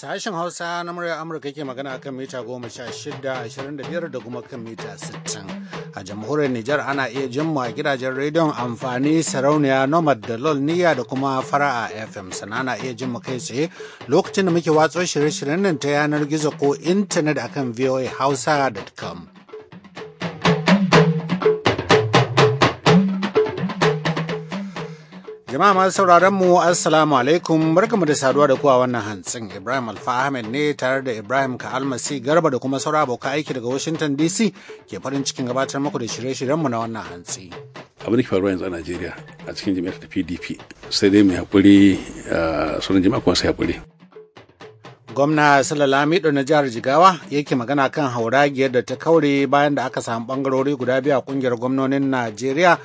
Sashen Hausa na murya Amurka ke magana kan mita goma sha shida ashirin da biyar da kuma kan mita sittin. A jamhuriyar Nijar ana iya jin mu a gidajen rediyon amfani sarauniya Nomad da Lol Niyya da kuma Fara a FM sana ana iya jin mu kai tsaye lokacin da muke watso shirye-shiryen nan ta yanar gizo ko intanet akan hausa.com. Jama'a masu sauraron mu Assalamu alaikum barkamu da saduwa da kuwa wannan hantsin Ibrahim Alfa ne tare da Ibrahim kalmasi Garba da kuma saura abokan aiki daga Washington DC ke farin cikin gabatar muku da shirye-shiryenmu na wannan hantsi. Abin da ke faruwa yanzu a Najeriya a cikin jami'ar ta PDP sai dai mai hakuri sauran jama'a kuma sai hakuri. Gwamna Lamido na jihar Jigawa yake magana kan hauragiyar da ta kaure bayan da aka samu bangarori guda biyu a kungiyar gwamnonin Najeriya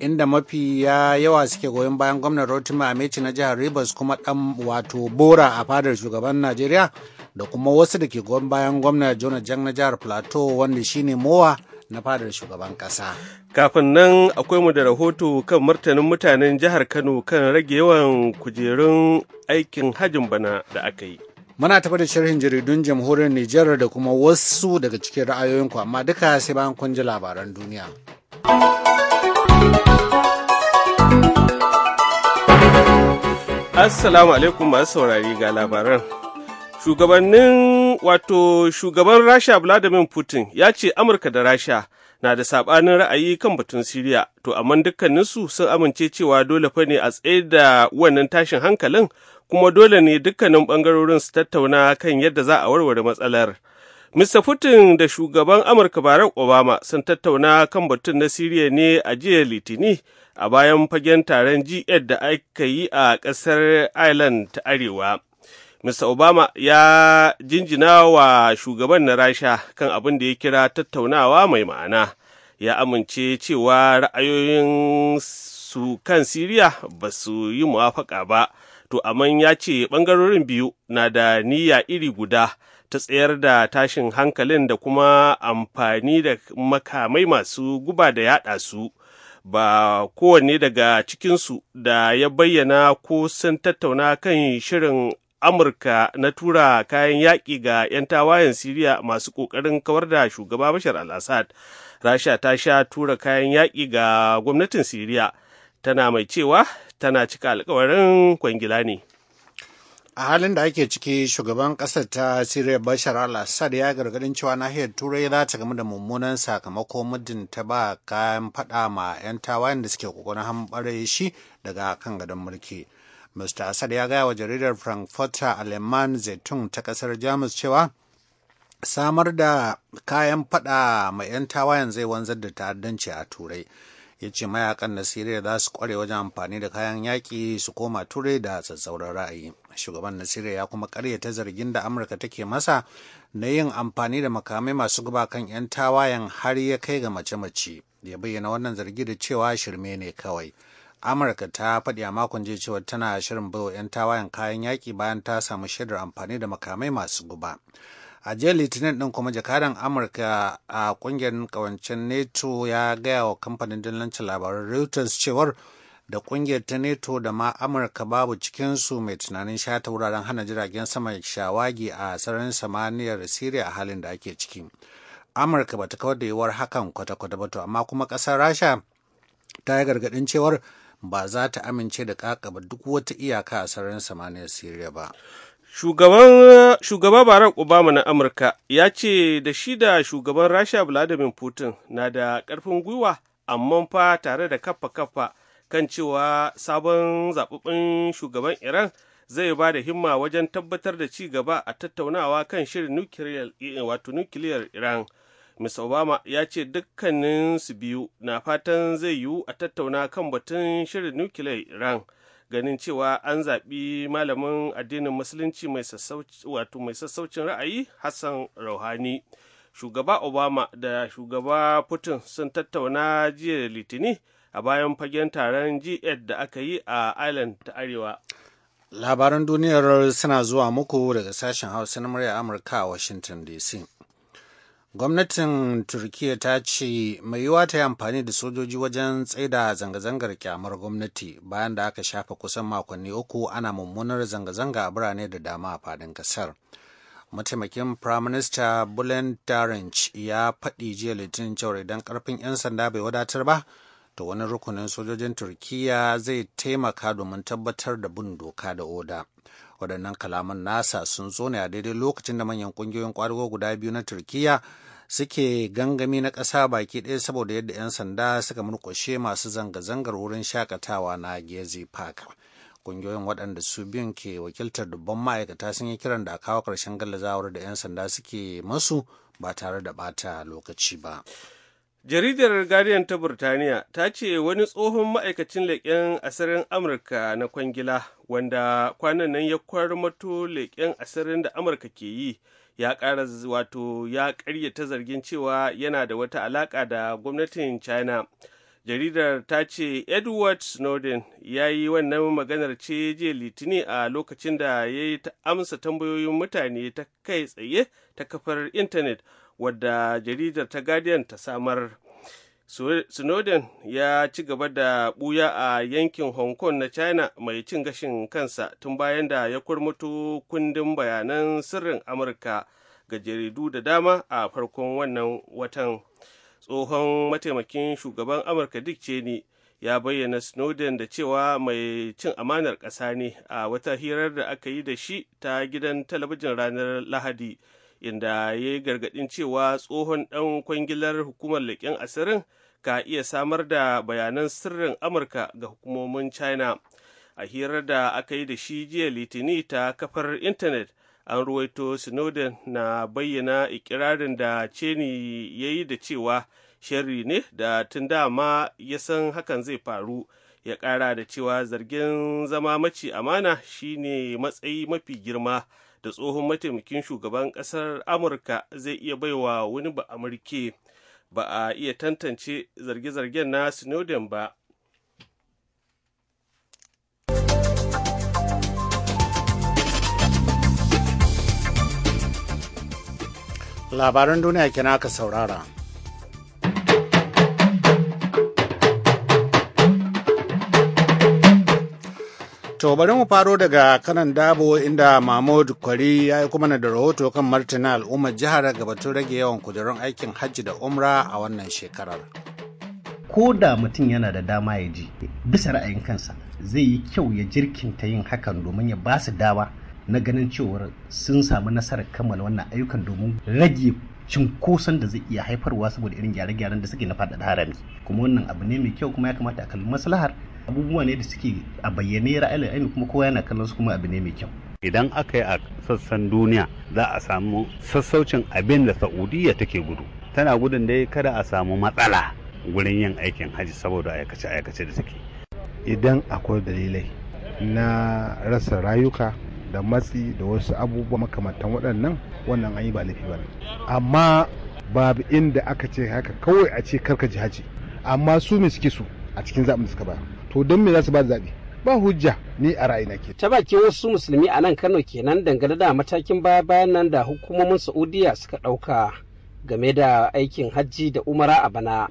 inda mafi yawa suke goyon bayan gwamnan Rotimi a na jihar Rivers kuma dan wato Bora a fadar shugaban Najeriya da kuma wasu da ke goyon bayan gwamnan Jona Jang na jihar Plateau wanda shine Mowa na fadar shugaban kasa. Kafin nan akwai mu da rahoto kan martanin mutanen jihar Kano kan rage yawan kujerun aikin hajin bana da aka yi. Muna tafi da sharhin jaridun jamhuriyar Nijar da kuma wasu daga cikin ra'ayoyinku amma duka sai bayan kun ji labaran duniya. Assalamu alaikum masu saurari ga labaran. Shugabannin wato shugaban Rasha Vladimir Putin ya ce Amurka da Rasha na da saɓanin ra'ayi kan batun Siriya, to amma dukkaninsu sun amince cewa dole fa ne a tsaye da wannan tashin hankalin kuma dole ne dukkanin bangarorin su tattauna kan yadda za a warware matsalar. Mr. Putin da shugaban Amurka Barack Obama sun tattauna kan batun na Siriya ne a jiya Litini. a bayan fagen taron G8 da aka yi a ƙasar Ireland ta Arewa. Mr. Obama ya jinjina wa shugaban na Rasha kan abin da ya kira tattaunawa mai ma'ana. Ya amince cewa ra'ayoyin su kan Siriya ba su yi muwafaka ba, to amma ya ce ɓangarorin biyu na da niyya iri guda ta tsayar da tashin hankalin da kuma amfani da makamai masu guba da yaɗa su. ba kowanne daga cikinsu da ya bayyana ko sun tattauna kan shirin Amurka na tura kayan yaƙi ga 'yan tawayen Siriya masu ƙoƙarin kawar da shugaba Bashar al Rasha ta sha tura kayan yaƙi ga gwamnatin Siriya, tana mai cewa tana cika alkawarin kwangila ne. a halin da ake ciki shugaban kasar ta siriya bashar al-assad ya gargadin cewa nahiyar turai za ta game da mummunan sakamako muddin ta ba kayan fada ma 'yan tawayen da suke kokarin hambare shi daga kan gadon mulki mr assad ya gaya wa jaridar frankfurter aleman zaitun ta kasar jamus cewa samar da kayan fada ma 'yan tawayen zai wanzar da ta'addanci a turai ya ce mayakan na siriya za su kware wajen amfani da kayan yaƙi su koma turai da tsatsauran ra'ayi shugaban na siriya ya kuma karya ta zargin da amurka take masa na yin amfani da makamai masu guba kan 'yan tawayen har ya kai ga mace-mace ya bayyana wannan zargi da cewa shirme ne kawai amurka ta faɗi a makon jiya cewa tana shirin wa 'yan tawayen kayan yaƙi bayan ta samu shaidar amfani da makamai masu guba a jiyar litinin din kuma jakaran amurka a kungiyar kawancen neto ya gaya wa kamfanin dillancin labaran reuters cewar da kungiyar ta neto da ma amurka babu cikinsu mai tunanin shata wuraren hana jiragen sama shawagi a sararin samaniyar siriya a halin da ake ciki amurka ba ta kawar da yiwuwar hakan kwata-kwata ba to amma kuma ƙasar rasha ta yi gargaɗin cewar ba za ta amince da kakaba duk wata iyaka a sararin samaniyar siriya ba Shugaba Barack Obama na Amurka ya ce da shi da shugaban Rasha Vladimir Putin na da ƙarfin gwiwa amma fa tare da kafa-kafa kan cewa sabon zaɓaɓɓen shugaban Iran zai ba da himma wajen tabbatar da ci gaba a tattaunawa kan shirin nukiliyar Iran. Mr. Obama ya ce dukkanin su biyu na fatan zai yiwu a tattauna kan batun shirin nukiliyar Iran. ganin cewa an zaɓi malamin addinin musulunci mai sassaucin ra'ayi hassan rauhani shugaba obama da shugaba putin sun tattauna jiya da litini a bayan fagen taron g8 da aka yi a island ta arewa labaran duniyar suna zuwa muku daga sashen hausa na murya amurka a washington dc gwamnatin turkiya ta ce mai yiwa ta yi amfani da sojoji wajen tsaida zanga-zangar kyamar gwamnati bayan da aka shafa kusan makonni uku ana mummunar zanga-zanga a birane da dama a fadin kasar mataimakin firaminista bulen daranch ya faɗi jiya litinin cewar idan karfin 'yan sanda bai wadatar ba to wani rukunin sojojin Turkiyya zai taimaka domin tabbatar da bin doka da oda waɗannan kalaman nasa sun zo ne a daidai lokacin da manyan ƙungiyoyin ƙwadago guda biyu na Turkiyya suke gangami na ƙasa baki ɗaya saboda yadda 'yan sanda suka murƙushe masu zanga-zangar wurin shakatawa na gezi park ƙungiyoyin waɗanda su biyun ke wakiltar dubban ma'aikata sun yi kiran da a kawo ƙarshen gallazawar da 'yan sanda suke masu ba tare da ɓata lokaci ba. Jaridar Guardian ta Burtaniya ta ce wani tsohon ma'aikacin leƙen asirin Amurka na kwangila wanda kwanan nan ya mato leƙen asirin da Amurka ke yi ya ƙara wato ya ƙaryata zargin cewa yana da wata alaƙa da gwamnatin China. Jaridar ta ce Edward Snowden ya yi wannan maganar ce je litini a lokacin da ya yi ta amsa tambayoyin mutane ta kai tsaye ta kafar intanet. wadda jaridar ta guardian ta samar snowden ya ci gaba da buya a yankin hong kong na china mai cin gashin kansa tun bayan da ya kurmutu kundin bayanan sirrin amurka ga jaridu da dama a farkon wannan watan tsohon mataimakin shugaban amurka dick cheney ya bayyana snowden da cewa mai cin amanar ƙasa ne a wata hirar da aka yi da shi ta gidan talabijin ranar lahadi inda ya yi gargaɗin cewa tsohon ɗan kwangilar hukumar leƙen asirin ka iya samar da bayanan sirrin amurka ga hukumomin china a hirar da aka yi da shi jiya litini ta kafar intanet an ruwaito snowden na bayyana ikirarin da cheney ya yi da cewa sherry ne da tun dama ya san hakan zai faru ya ƙara da cewa zargin zama mace amana shine matsayi mafi girma da tsohon mataimakin shugaban ƙasar amurka zai iya baiwa wani ba amurke ba a iya tantance zarge-zargen na snowden ba labaran duniya kina ka saurara To bari mu faro daga kanan dabo inda Mahmud Kwari ya yi kuma da rahoto kan martina al'ummar jihar gabatun rage yawan kudurin aikin hajji da umra a wannan shekarar. Ko da mutum yana da dama ya ji, bisa ra'ayin kansa zai yi kyau ya jirkinta yin hakan domin ya ba su dama na ganin cewar sun samu nasarar kammala wannan ayyukan domin rage cinkoson da zai iya haifarwa saboda irin gyare-gyaren da suke na faɗaɗa harami kuma wannan abu ne mai kyau kuma ya kamata a kalli maslahar abubuwa ne da suke a bayyane ra'ayin ainihin kuma kowa yana kallon su kuma abu ne mai kyau idan aka yi a sassan duniya za a samu sassaucin abin da saudiya take gudu tana gudun dai kada a samu matsala gurin yin aikin hajji saboda aikace aikace da suke. idan akwai dalilai na rasa rayuka da matsi da wasu abubuwa makamantan waɗannan wannan an yi ba laifi ba amma babu inda aka ce haka kawai a ce karka ji haji amma su me suke so a cikin zaɓin da suka bayar. to don me za su ba zaɓe ba hujja ni a na ke. Ta baki wasu musulmi a nan Kano kenan dangane da matakin baya bayan nan da hukumomin Saudiyya suka ɗauka game da aikin hajji da umara a bana.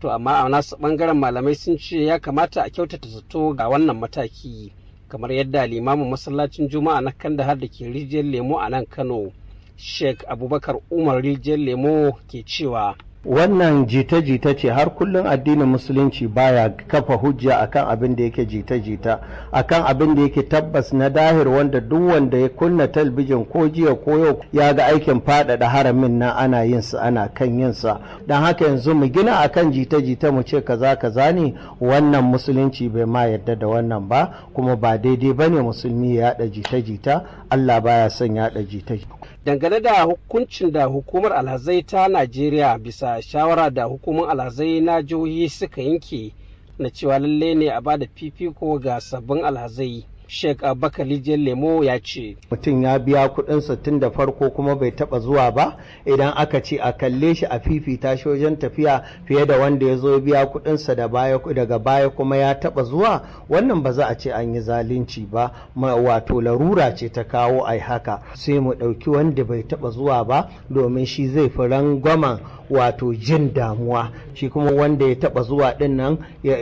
To amma a nasu ɓangaren malamai sun ce ya kamata a kyautata zato ga wannan mataki kamar yadda limamin masallacin juma'a na Kandahar da ke rijiyar lemo a nan Kano. Sheikh Abubakar Umar rijiyar lemo ke cewa wannan jita-jita ce har kullum addinin musulunci baya kafa hujja akan abin da yake jita-jita akan abin da yake tabbas na dahir wanda duk wanda ya kunna talbijin ko jiya ko yau ya ga aikin faɗaɗa haramin nan ana yin sa ana kan yin sa don haka yanzu mu gina akan jita-jita mu ce kaza kaza ne wannan musulunci bai ma yarda da wannan ba kuma ba daidai bane musulmi ya yaɗa jita-jita Allah baya son yaɗa jita-jita dangane da hukuncin da hukumar alhazai ta Najeriya bisa da shawara da hukumar alhazai na jihohi suka yanke na cewa lalle ne a bada fifiko ga sabbin alhazai Sheikh Abubakar Lemo ya ce. Mutum ya biya kuɗinsa tun da farko kuma bai taɓa zuwa ba idan aka ce a kalle shi a fifita shi wajen tafiya fiye da wanda ya zo biya kuɗinsa daga baya kuma ya taɓa zuwa wannan ba za a ce an yi zalunci ba wato larura ce ta kawo ai haka sai mu ɗauki wanda bai taɓa zuwa ba domin shi zai fi rangwamen wato jin damuwa shi kuma wanda ya taɓa zuwa ɗin nan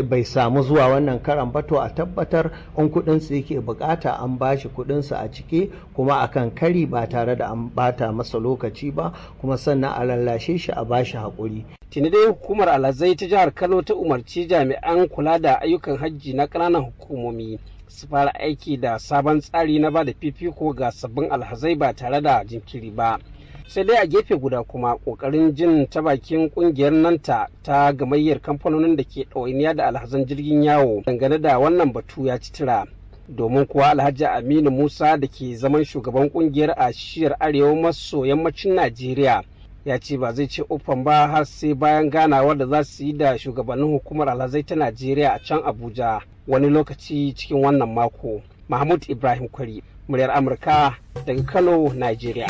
bai samu zuwa wannan karan ba to a tabbatar in kuɗinsa yake yake bukata an bashi sa a cike kuma akan kari ba tare da an bata masa lokaci ba kuma sannan a lallashe shi a bashi hakuri tuni dai hukumar alazai ta jihar kano ta umarci jami'an kula da ayyukan hajji na ƙananan hukumomi su fara aiki da sabon tsari na ba da fifiko ga sabbin alhazai ba tare da jinkiri ba sai dai a gefe guda kuma kokarin jin ta bakin kungiyar nanta ta gamayyar kamfanonin da ke ɗawainiya da alhazan jirgin yawo dangane da wannan batu ya ci tira domin kuwa alhaji aminu musa da ke zaman shugaban kungiyar a shiyar arewa maso yammacin najeriya ya ce ba zai ce ofan ba har sai bayan ganawa da za su yi da shugabannin hukumar alhazai ta najeriya a can abuja wani lokaci cikin wannan mako mahmud ibrahim kwari muryar amurka daga kano najeriya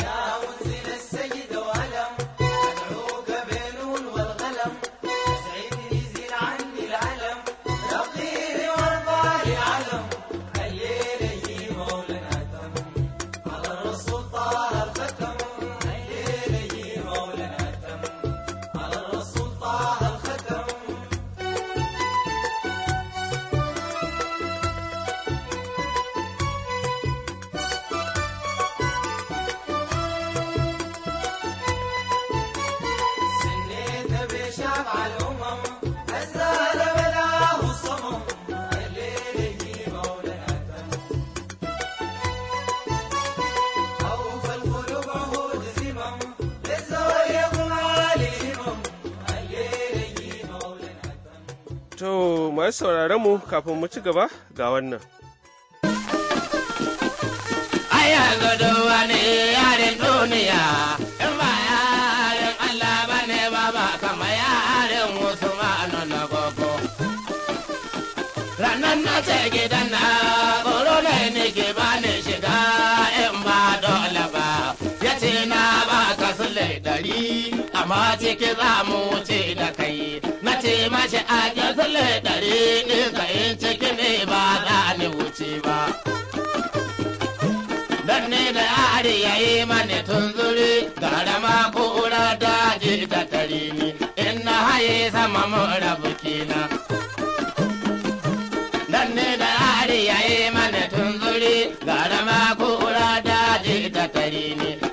masu sauraron mu kafin mu ci gaba ga wannan. Aya gado wani yaren duniya, in ba yaren Allah ba ne ba kama yaren wasu ma'anon na gogo. Ranar na ce gidan na ne nake ba ne shiga in ba dole ba, ya ce na ba ka sule dari, amma ciki za mu wuce da kai. ce mashi a ƙasar ɗari in ka yi ciki ne ba za ni wuce ba. Dan ne da yari ya yi mani tunzuri gara ma kura daji da tari ni in na haye sama mura bukina. Dan ne da yari ya yi mani tunzuri gara ma kura daji da tari ni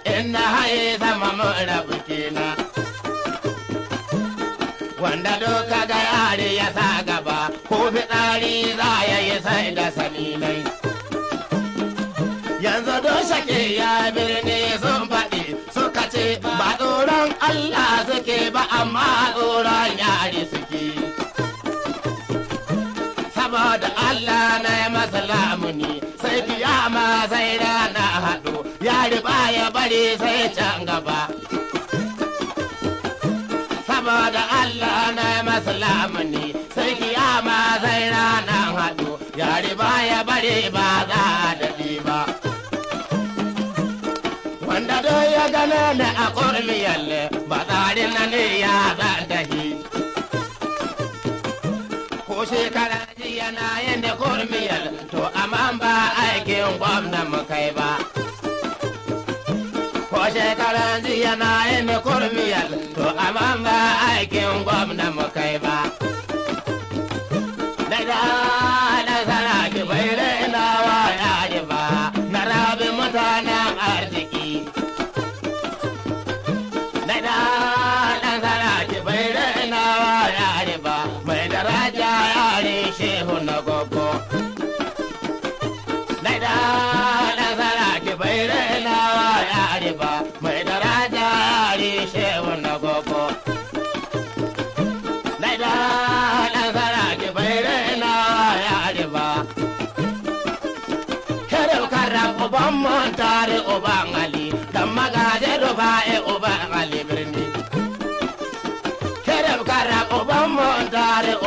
ido ka ga yare ya sa gaba ko fitsari za ya yi sai da salilai yanzu don shake ya birni sun faɗi suka ce ba tsoron Allah suke ba amma tsoron yare suke saboda Allah na yi masa lamuni sai kiyama sai rana haɗu yare ba ya bari sai can gaba saboda Allah Sallama sai sarki ama sai ranar haɗu yare ya bare ba za a ba. Wanda don ya gane na a ƙormi yalle ba tsarin na ne ya zan dahi. Ko shekara jiya na yin da ƙormi yalle to amma ba aikin gwamna mu kai ba. shekaran yana na yi mikurmiyar to amanga aikin gwamna mu kai ba.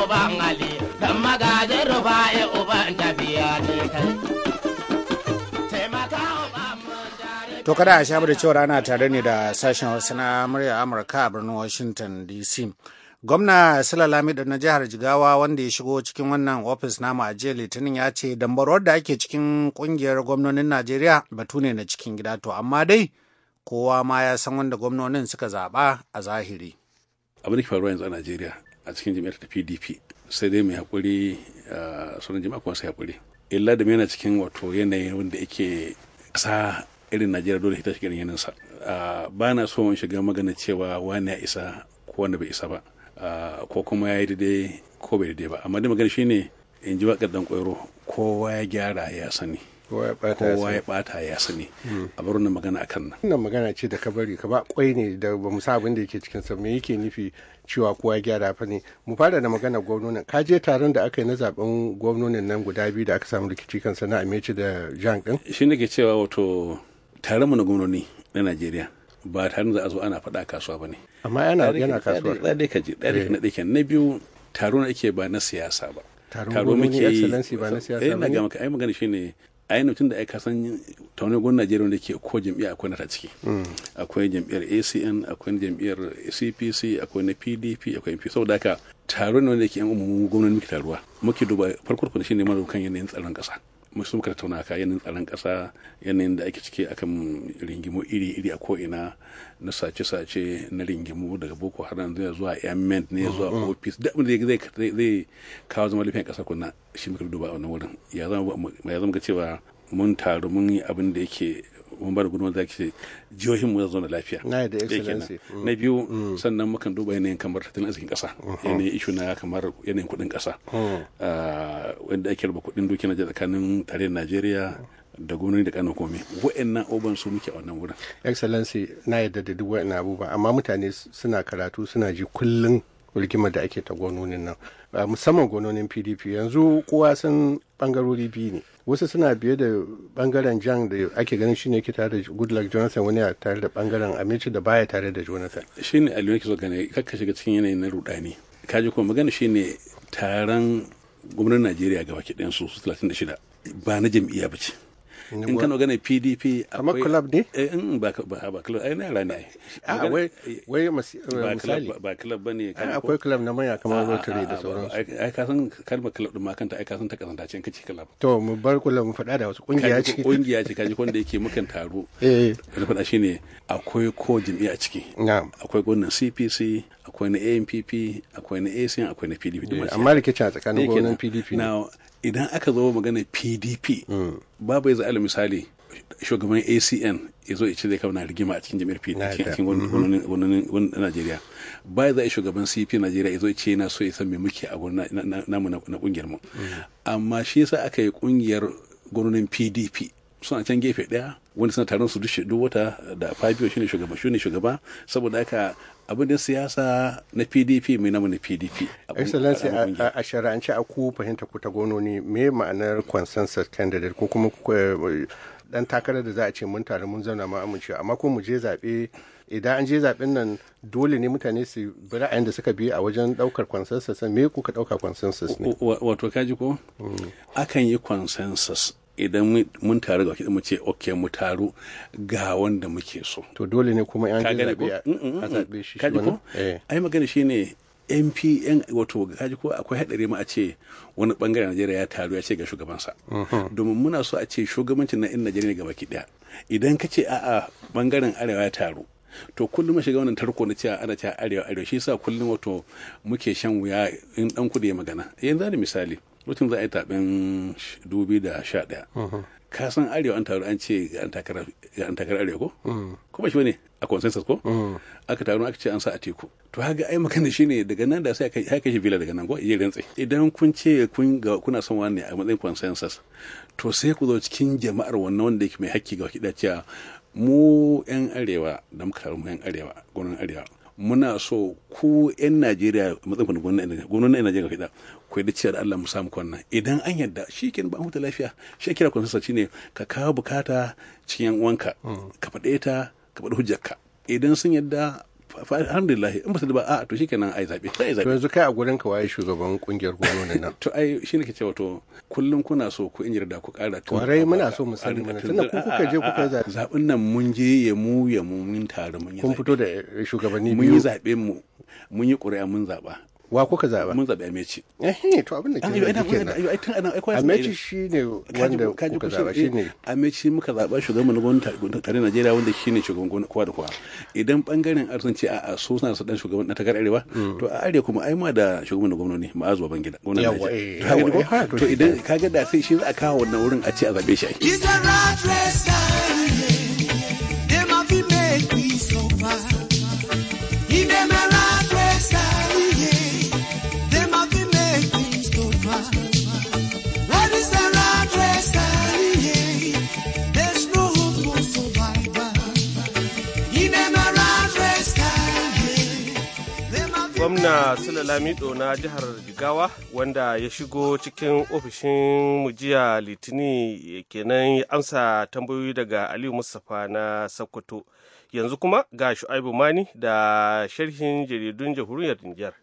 uban ali dan magajin rufa'i To kada a shabu da cewa ana tare ne da sashen wasu na murya Amurka a birnin Washington DC. Gwamna Sula Lamidu na jihar Jigawa wanda ya shigo cikin wannan ofis namu a jiya Litinin ya ce dambarwar da ake cikin kungiyar gwamnonin Najeriya batu ne na cikin gida to amma dai kowa ma ya san wanda gwamnonin suka zaba a zahiri. Abin da ke faruwa yanzu a Najeriya a cikin jami'ar ta pdp sai dai mai haƙuri a jama'a kuma sai haƙuri illa da yana cikin wato yanayin wanda yake ƙasa irin najeriya dole ta shiga yanayin sa ba na so in shiga magana cewa wani ya isa ko wanda bai isa ba ko kuma ya yi daidai ko bai daidai ba amma dai magana shine in ji waƙar dan kowa ya gyara ya sani kowa ya bata ya sani a bar wannan magana akan nan wannan magana ce da ka bari ka ba kwai ne da ba mu abin da yake cikin sa me yake nufi cewa kowa gyara fa ne mu fara da magana gwamnonin ka je taron da aka yi na zaben gwamnonin nan guda biyu da aka samu rikici sana na ameci da jan din shi ke cewa wato taron mu na gwamnoni na Najeriya ba taron da a zo ana faɗa kasuwa ba ne amma yana yana kasuwa ɗaya dai ka je ɗaya na ɗaya na biyu taro na ake ba na siyasa ba taro muke yi ba na siyasa eh, ba ne ai magana shine ai mutum da aka san taunin gwamnan najeriya wanda ke ko jam'iyya akwai ta ciki mm. akwai jam'iyyar acn akwai jam'iyyar cpc akwai na pdp akwai mp saboda haka taron ne wanda ke yan umu gwamnati muke taruwa muke duba farko shi ne mara kan yanayin tsaron kasa mu so ka ka yanayin tsaron ƙasa yanayin da ake ciki akan ringimu iri-iri a ko'ina na sace-sace na ringimu daga boko haram zai zuwa airment ne zuwa mm-hmm. ofis da abin da zai kawo zama lafiyan kasa kuna shi muka duba a wannan wurin ya zama ga cewa mun taru mun yi abin da yake umar ba da gudunmawar ke jihohin mu zauna lafiya na mm. biyu mm. sannan mukan duba yanayin kamar tattalin arzikin kasa uh-huh. yanayin ishu na kamar yanayin kudin kasa uh-huh. ah, wanda ake raba kuɗin doki na tsakanin tarayyar najeriya da gwamnati da kanin komai wa'annan oban su muke a wannan wurin excellency na yadda da duk wa'annan abubuwa amma mutane suna karatu suna ji kullum rigimar da ake ta gononin nan ah, musamman gononin pdp yanzu kowa sun bangarori biyu ne wasu suna biye da bangaren jan da ake ganin shine ke tare da goodluck jonathan wani a tare da bangaren aminci da baya tare da jonathan shine aliyu yake so gane kakka shiga cikin yanayi na rudani kaji kuma magana shine taron gwamnatin najeriya gaba ki su 36 ba na jam'iyya ba ce in kana gane pdp kamar club ne eh, ba ba club ai naira ne a wai eh, wai eh, misali ba club bane ah, akwai club na maya kamar ah, ah, rotary da sauransu ai ka san kalmar club din ma kanta ai ka san ta kasanta ce kace club to mu bar club mu faɗa da wasu kungiya ce kungiya ce kaji wanda yake mukan taro eh da faɗa shine akwai ko jami'a ciki na'am akwai gwamnatin CPC akwai na ANPP akwai na ACN akwai na PDP amma rikici a tsakanin gwamnatin PDP na idan aka zo magana PDP hmm. babu yanzu alal misali shugaban acn ya zo ce zai kama na rigima a cikin jami'ar pdp a cikin wani mm-hmm. najeriya baya za a yi shugaban cp najeriya ya zo ce na so ya san me muke a namu na kungiyar mu mm-hmm. amma shi yasa aka yi kungiyar gwamnatin pdp suna can gefe daya wani suna taron su duk wata da fabio shine shugaba shugaba saboda aka. abin da siyasa na pdp mai namu na pdp excellency a shari'ance a ku fahimta ku ta ne me ma'anar consensus candidate ko kuma dan eh, takarar da za a ce mun tare mun zauna ma amince amma ko mu je zaɓe idan an je zaɓen nan dole ne mutane su bi ra'ayin da suka bi a wajen ɗaukar consensus me kuka ɗauka consensus ne wato kaji ko mm. akan yi consensus idan mun taru ga kiɗan mu ce ok mu taru ga wanda muke so to dole ne kuma yan zaɓe a mm, mm, mm, zaɓe shi kaji ko eh. ai magana shine yan wato kaji ko akwai haɗari ma a ce wani bangare najeriya ya taru ya ce ga shugabansa mm-hmm. domin muna so a ce shugabancin na in najeriya gaba ki ɗaya idan ka ce a'a bangaren arewa ya taru to kullum a shiga wannan tarko na cewa ana cewa arewa arewa shi yasa kullum wato muke shan wuya in dan kudu ya magana yanzu da misali mutum za a yi taɓin 2011 uh-huh. ka san arewa an taru an ce ga an takar arewa ko mm. kuma shi ne a consensus ko mm. aka taru aka ce an sa a teku to haka ai magana shine daga nan da sai haka shi vila daga nan ko iya rantsi idan kun ce kun ga kuna son wani a matsayin consensus to sai ku zo cikin jama'ar wannan wanda yake mai hakki ga wakida cewa mu yan arewa da muka taru mu yan arewa gwamnan arewa muna so ku 'yan najeriya matsayin gwamnati na najeriya kaɗa ku yadda ciyar allah mu samu kwanna idan an yadda shi ke ba huta lafiya shi kira kwansa sassa ne ka kawo bukata cikin wanka mm. ka faɗe ta ka faɗi hujjarka idan sun yadda alhamdulillah in ba su ba a to shikenan ai zabe sai zabe to yanzu kai a gurin ka waye shugaban kungiyar gwamnati nan to ai shine ke cewa to kullun kuna so ku injira da ku kara to rai muna so mu sani mana tunda ku kuka je kuka zabe zaben nan mun je ya mu ya mu mun tare mun yi kun fito da shugabanni mun yi zabe mu mun yi ƙuri'a mun zaba wa kuka zaba mun zabi amechi eh to abin da ke ah, ina ai tun ana akwai amechi shine wanda kuka zaba shine eh, amechi muka zaba shugaban gwamnatin tare Najeriya wanda shine shugaban kowa da kowa idan bangaren arzanci a a so suna dan shugaban na tagar arewa mm. to a arewa kuma ai ma da shugaban gwamnati ma'azu ban gida gwamnatin eh, eh, to idan kaga da sai shi za a kawo wannan wurin a ce a zabe shi ai gwamna sula lamido na jihar jigawa wanda ya shigo cikin ofishin mujiya litini kenan ya amsa tambayoyi daga aliyu mustapha na sokoto yanzu kuma ga shu'aibu mani da sharhin jaridun jamhuriyar nijar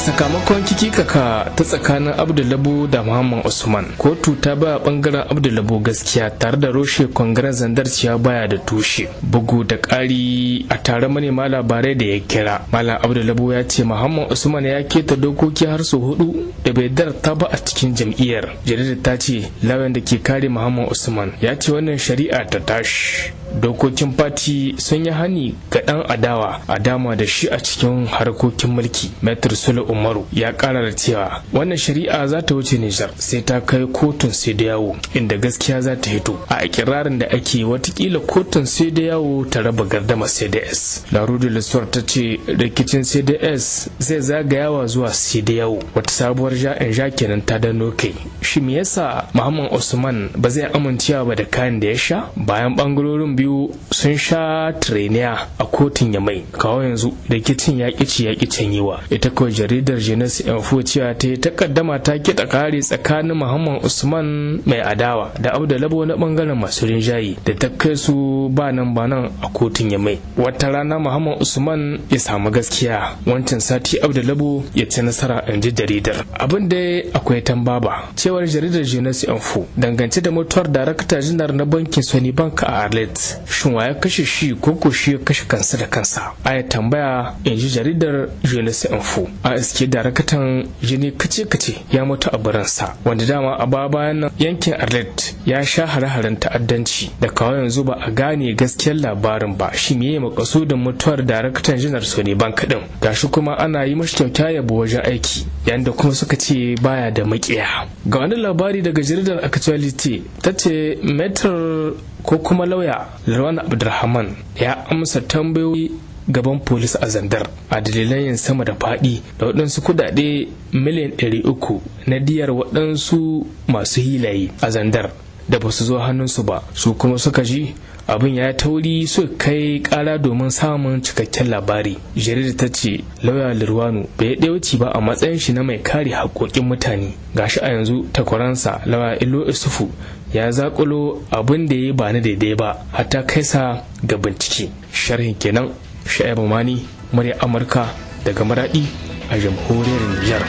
sakamakon kikikaka ta tsakanin abdullabu da muhammad usman kotu ta ba bangaren abdullabu gaskiya tare da roshe kwangaren ciya baya da tushe bugu da kari a tare manema labarai da ya kira malam abdullabu ya ce muhammad usman ya keta dokoki har su hudu da bai darta ba a cikin jam'iyyar jaridar ta ce lawan da ke kare muhammad usman ya ce wannan shari'a ta tashi dokokin fati sun yi hani ga dan adawa a dama da shi a cikin harkokin mulki metro sule umaru ya kara da cewa wannan shari'a za ta wuce nijar sai ta kai kotun sai da yawo inda gaskiya za ta hito a ikirarin da ake watakila kotun sai da yawo ta raba gardama cds larudu lissuwar ta ce rikicin cds zai zagayawa zuwa sai da yawo wata sabuwar ja'in eh, ja kenan ta dano kai shi me yasa muhammad usman ba zai amincewa ba da kayan da ya sha bayan bangarorin biyu sun sha tireniya a kotun yamai kawo yanzu rikicin ya ƙici ya ƙi canyewa ita kawai jaridar jaridar jeunesse info cewa ta yi takaddama ta ki kare tsakanin muhammad usman mai adawa da abdulabo na bangaren masu rinjaye da ta kai su ba nan ba nan a kotun ya yamai wata rana muhammad usman ya samu gaskiya wancan sati abdulabo ya ci nasara in ji jaridar abin da akwai tambaba cewar jaridar jeunesse info dangance da mutuwar darakta jinar na bankin sony bank a arlet shin wa ya kashe shi ko ko shi ya kashe kansa da kansa a tambaya in ji jaridar jeunesse info a gaske darakatan jini kace-kace ya mutu a biransa wanda dama a baya bayan nan yankin arlet ya sha hare-haren ta'addanci da kawo yanzu ba a gane gaskiyar labarin ba shi me makasudin mutuwar darakatan su ne ban din gashi kuma ana yi mashi kyauta yabo wajen aiki yayin da kuma suka ce baya da makiya ga wani labari daga jaridar actuality ta ce metar ko kuma lauya larwan abdulrahman ya amsa tambayoyi gaban polis a zandar a dalilan sama da faɗi da waɗansu kudade miliyan 300 na diyar waɗansu masu hilaye a zandar da ba su zo hannunsu ba su kuma suka ji abin ya tauri su kai kara domin samun cikakken labari jarida ta ce lauya lirwanu bai ɗaya wuce ba a matsayin shi na mai kare haƙoƙin mutane gashi a yanzu takwaransa lauya ilo isufu ya zakulo abin da ya ba na daidai ba hatta kai sa ga bincike sharhin kenan sha'ibu mani murya amurka daga maradi a jamhuriyar nijar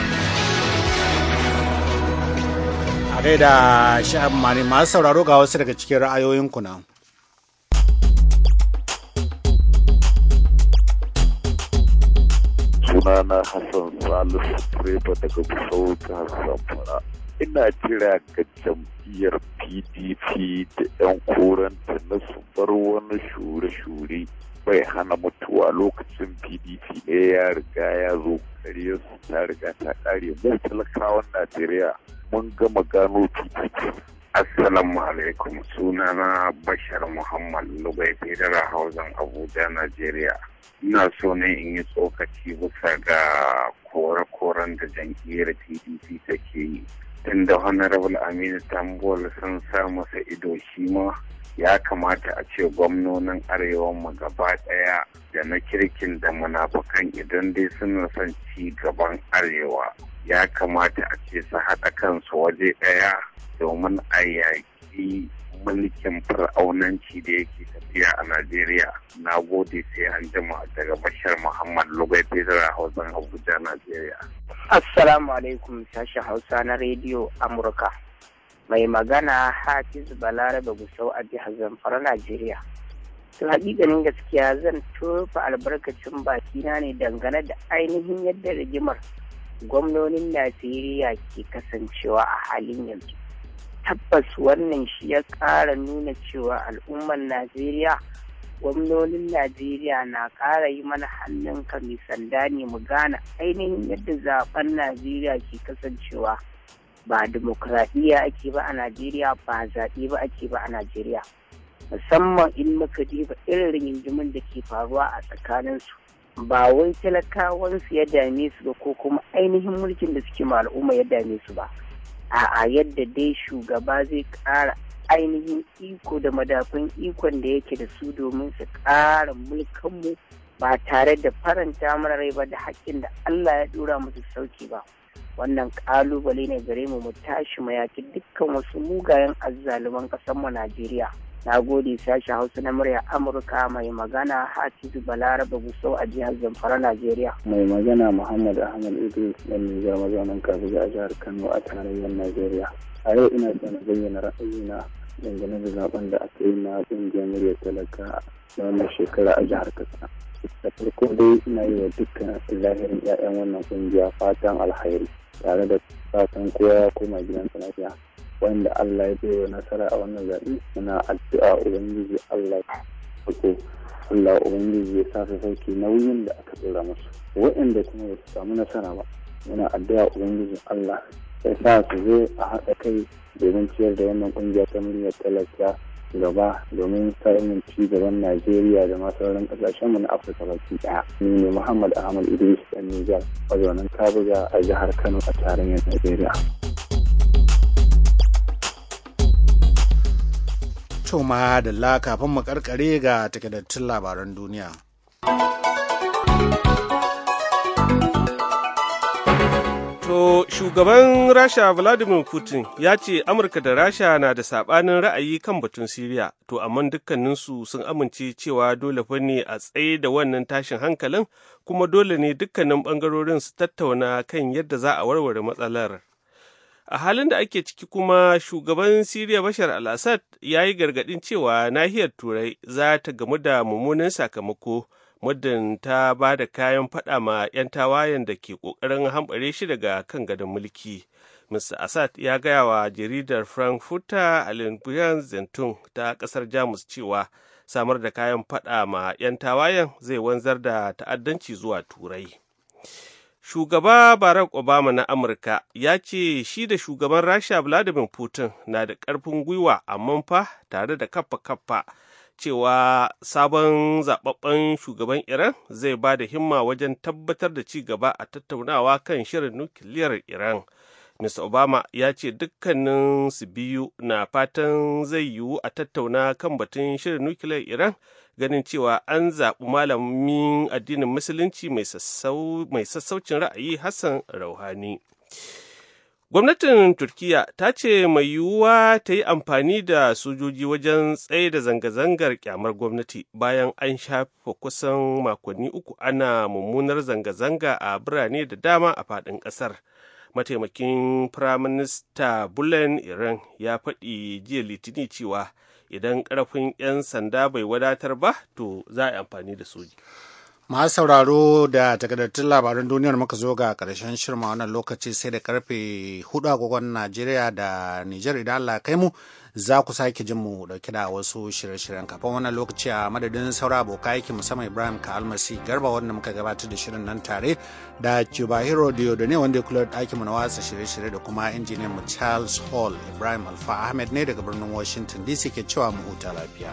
a gaida sha'ibu mani masu sauraro ga wasu daga cikin ra'ayoyin kuna sunana hassan salisu direba daga busau ta zamfara ina jira ga jam'iyyar pdp da 'yan koranta na su bar wani shure-shure bai hana mutuwa lokacin pdp ne ya riga ya zo gare su ta riga ta ƙare mu talakawan najeriya mun gama gano pdp assalamu alaikum suna na bashar muhammad lugai federal housing abuja najeriya ina so ne in yi tsokaci bisa ga kore-koren da jam'iyyar pdp take yi tunda honorable aminu tambol sun sa masa ido shi ma ya kamata a ce gwamnonin arewa mu gaba ɗaya da na kirkin da munafukan idan dai suna son ci gaban arewa ya kamata a ce su haɗa kansu waje ɗaya domin a yaƙi mulkin fir'aunanci da yake tafiya a Najeriya. Na gode sai an jima daga bashar Muhammad Lugai a Hausan Abuja, Najeriya. Assalamu alaikum sashen Hausa na Rediyo Amurka. mai magana hafiz balarabe gusau a jihar zamfara najeriya to ganin gaskiya zan tofa albarkacin bakina ne dangane da ainihin yadda rigimar gwamnonin najeriya ke kasancewa a halin yanzu tabbas wannan shi ya ƙara nuna cewa al'ummar najeriya gwamnonin najeriya na ƙara yi mana hannun mai sanda ne mu gane ainihin yadda zaben najeriya ke kasancewa ba demokradiyya ake ba a najeriya ba zaɓe ba ake ba a najeriya musamman in muka diba irin rigingimin da ke faruwa a tsakaninsu ba wai talakawansu ya dame su ba ko kuma ainihin mulkin da suke ma al'umma ya dame su ba a'a yadda dai shugaba zai ƙara ainihin iko da madafun ikon da yake da su domin su ƙara mulkanmu ba tare da faranta mara rai ba da haƙƙin da Allah ya ɗora musu sauki ba. wannan kalubale ne gare mu mu tashi mu yaki dukkan wasu mugayen azzaluman ƙasar mu Najeriya na gode sashi hausa na murya amurka mai magana hafizu balaraba gusau a jihar zamfara najeriya mai magana muhammad ahmad idris da nijar mazaunin kabuga a jihar kano a tarayyar najeriya a yau ina son bayyana ra'ayina dangane da zaben da aka yi na ƙungiyar muryar talaka na wannan shekara a jihar katsina da farko dai ina yi wa dukkan zahirin 'ya'yan wannan ƙungiya fatan alhairi tare da fatan kowa ya koma gidansa lafiya wanda Allah ya bai wa nasara a wannan zaɓe muna addu'a ubangiji Allah ya Allah ubangiji ya sa sauki nauyin da aka tsira musu waɗanda kuma ba su samu nasara ba muna addu'a ubangiji Allah ya sa su zo a haɗa kai domin ciyar da wannan ƙungiya ta muryar talaka gaba domin samun cigaban Najeriya da ma sauran kasashen mu na Afirka baki ɗaya. Ni ne Muhammad Ahmad Idris dan Nijar mazaunin Kabuga a jihar Kano a tarayyar Najeriya. To ma da kafin mu karkare ga takaddatun labaran duniya. To, shugaban Rasha Vladimir Putin ya ce Amurka da Rasha na da saɓanin ra'ayi kan batun Siriya, to amma dukkaninsu sun amince cewa dole fa ne a tsaye da wannan tashin hankalin kuma dole ne dukkanin ɓangarorin su tattauna kan yadda za a warware matsalar. A halin da ake ciki kuma shugaban Siriya Bashar al-Assad ya yi gargaɗin cewa nahiyar Turai za ta gamu da mummunan sakamako. muddin ta ba da kayan fada ma 'yan tawayen da ke ƙoƙarin hambare shi daga kan gadon mulki. Mr. Assad ya gaya wa jaridar Frankfurter Allgemeine Zentun ta ƙasar Jamus cewa samar da kayan fada ma 'yan tawayen zai wanzar da ta'addanci zuwa Turai. Shugaba Barack Obama na Amurka ya ce shi da shugaban Rasha Vladimir Putin na da ƙarfin gwiwa amma fa tare da kaffa-kaffa cewa sabon zababben shugaban Iran zai ba da himma wajen tabbatar da ci gaba a tattaunawa kan shirin nukiliyar Iran. Mr. Obama ya ce dukkanin su biyu na fatan zai yiwu a tattauna kan batun shirin nukiliyar Iran ganin cewa an zaɓi malamin addinin Musulunci mai sassaucin ra'ayi Hassan Rouhani. Gwamnatin Turkiyya ta ce mai yiwuwa ta yi amfani da sojoji wajen tsaye da zanga-zangar kyamar gwamnati bayan an shafe kusan makonni uku ana mummunar zanga-zanga a birane da dama a faɗin ƙasar. Mataimakin Firaminista Bulen Iran ya faɗi jiya Litini cewa idan ƙarfin 'yan sanda bai wadatar ba to za a yi amfani da soji. masu sauraro da takardattun labaran duniyar muka zo ga karshen shirma wannan lokaci sai da karfe hudu agogon najeriya da nijar idan allah kai mu za ku sake jin mu dauke da wasu shirye-shiryen kafin wannan lokaci a madadin saura aboka aiki musamman ibrahim ka almasi garba wanda muka gabatar da shirin nan tare da cibahiro diodone wanda ya kula da ɗakin mu na wasa shirye-shirye da kuma injiniyan mu charles hall ibrahim alfa ahmed ne daga birnin washington dc ke cewa mu huta lafiya.